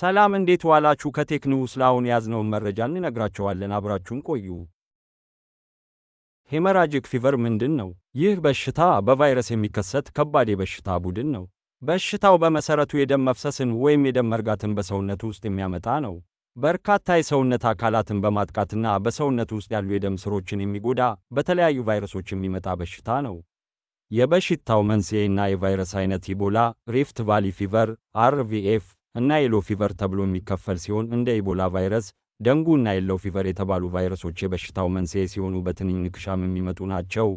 ሰላም እንዴት ዋላችሁ? ከቴክ ላሁን ያዝነውን መረጃ እንነግራችኋለን። አብራችሁን ቆዩ። ሄመራጂክ ፊቨር ምንድን ነው? ይህ በሽታ በቫይረስ የሚከሰት ከባድ የበሽታ ቡድን ነው። በሽታው በመሰረቱ የደም መፍሰስን ወይም የደም መርጋትን በሰውነት ውስጥ የሚያመጣ ነው። በርካታ የሰውነት አካላትን በማጥቃትና በሰውነት ውስጥ ያሉ የደም ስሮችን የሚጎዳ በተለያዩ ቫይረሶች የሚመጣ በሽታ ነው። የበሽታው መንስኤና የቫይረስ አይነት ኢቦላ፣ ሪፍት ቫሊ ፊቨር፣ አርቪኤፍ እና የሎ ፊቨር ተብሎ የሚከፈል ሲሆን እንደ ኢቦላ ቫይረስ፣ ደንጉ እና የሎ ፊቨር የተባሉ ቫይረሶች የበሽታው መንስኤ ሲሆኑ በትንኝ ንክሻም የሚመጡ ናቸው።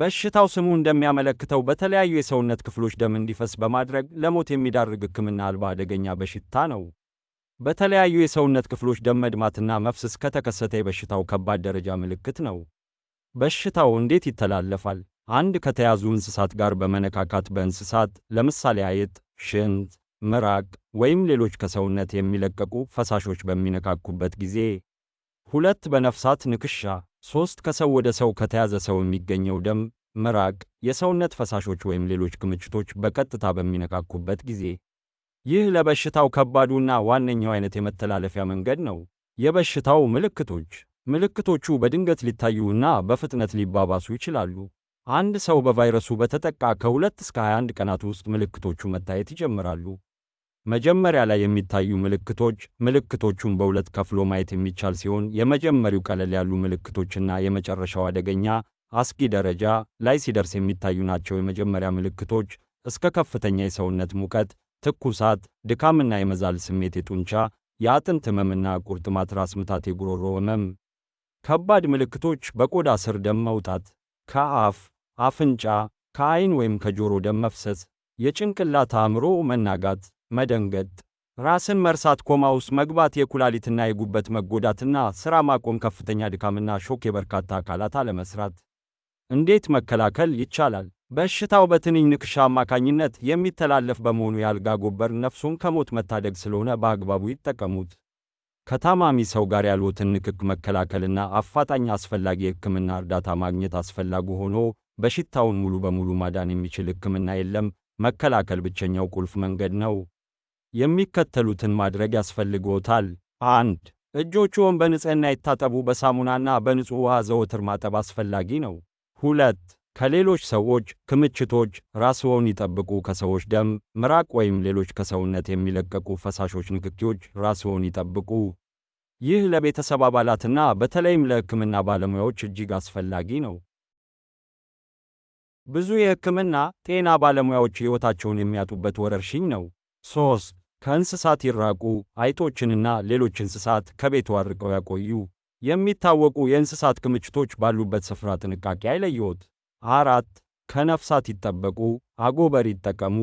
በሽታው ስሙ እንደሚያመለክተው በተለያዩ የሰውነት ክፍሎች ደም እንዲፈስ በማድረግ ለሞት የሚዳርግ ሕክምና አልባ አደገኛ በሽታ ነው። በተለያዩ የሰውነት ክፍሎች ደም መድማትና መፍሰስ ከተከሰተ የበሽታው ከባድ ደረጃ ምልክት ነው። በሽታው እንዴት ይተላለፋል? አንድ ከተያዙ እንስሳት ጋር በመነካካት በእንስሳት ለምሳሌ አይጥ፣ ሽንት፣ መራቅ ወይም ሌሎች ከሰውነት የሚለቀቁ ፈሳሾች በሚነካኩበት ጊዜ፣ ሁለት በነፍሳት ንክሻ፣ ሦስት ከሰው ወደ ሰው ከተያዘ ሰው የሚገኘው ደም መራቅ የሰውነት ፈሳሾች ወይም ሌሎች ክምችቶች በቀጥታ በሚነካኩበት ጊዜ። ይህ ለበሽታው ከባዱና ዋነኛው ዓይነት የመተላለፊያ መንገድ ነው። የበሽታው ምልክቶች ምልክቶቹ በድንገት ሊታዩና በፍጥነት ሊባባሱ ይችላሉ። አንድ ሰው በቫይረሱ በተጠቃ ከ2 እስከ 21 ቀናት ውስጥ ምልክቶቹ መታየት ይጀምራሉ። መጀመሪያ ላይ የሚታዩ ምልክቶች ምልክቶቹን በሁለት ከፍሎ ማየት የሚቻል ሲሆን የመጀመሪያው ቀለል ያሉ ምልክቶችና የመጨረሻው አደገኛ አስጊ ደረጃ ላይ ሲደርስ የሚታዩ ናቸው። የመጀመሪያ ምልክቶች እስከ ከፍተኛ የሰውነት ሙቀት፣ ትኩሳት፣ ድካምና የመዛል ስሜት፣ የጡንቻ የአጥንት ህመምና ቁርጥማት፣ ራስ ምታት፣ የጉሮሮ ህመም። ከባድ ምልክቶች በቆዳ ስር ደም መውጣት፣ ከአፍ አፍንጫ፣ ከአይን ወይም ከጆሮ ደም መፍሰስ፣ የጭንቅላት አእምሮ መናጋት፣ መደንገጥ፣ ራስን መርሳት፣ ኮማ ውስጥ መግባት፣ የኩላሊትና የጉበት መጎዳትና ሥራ ማቆም፣ ከፍተኛ ድካምና ሾክ፣ የበርካታ አካላት አለመሥራት። እንዴት መከላከል ይቻላል? በሽታው በትንኝ ንክሻ አማካኝነት የሚተላለፍ በመሆኑ የአልጋ ጎበር ነፍሱን ከሞት መታደግ ስለሆነ በአግባቡ ይጠቀሙት። ከታማሚ ሰው ጋር ያሉትን ንክክ መከላከልና አፋጣኝ አስፈላጊ የሕክምና እርዳታ ማግኘት አስፈላጊ ሆኖ በሽታውን ሙሉ በሙሉ ማዳን የሚችል ሕክምና የለም። መከላከል ብቸኛው ቁልፍ መንገድ ነው። የሚከተሉትን ማድረግ ያስፈልግዎታል። አንድ እጆችዎን በንጽህና ይታጠቡ። በሳሙናና በንጹህ ውሃ ዘወትር ማጠብ አስፈላጊ ነው። ሁለት ከሌሎች ሰዎች ክምችቶች ራስዎን ይጠብቁ። ከሰዎች ደም፣ ምራቅ ወይም ሌሎች ከሰውነት የሚለቀቁ ፈሳሾች ንክኪዎች ራስዎን ይጠብቁ። ይህ ለቤተሰብ አባላትና በተለይም ለሕክምና ባለሙያዎች እጅግ አስፈላጊ ነው። ብዙ የሕክምና ጤና ባለሙያዎች ሕይወታቸውን የሚያጡበት ወረርሽኝ ነው። ሶስት ከእንስሳት ይራቁ፣ አይጦችንና ሌሎች እንስሳት ከቤቱ አርቀው ያቆዩ። የሚታወቁ የእንስሳት ክምችቶች ባሉበት ስፍራ ጥንቃቄ አይለይዎት። አራት ከነፍሳት ይጠበቁ፣ አጎበር ይጠቀሙ፣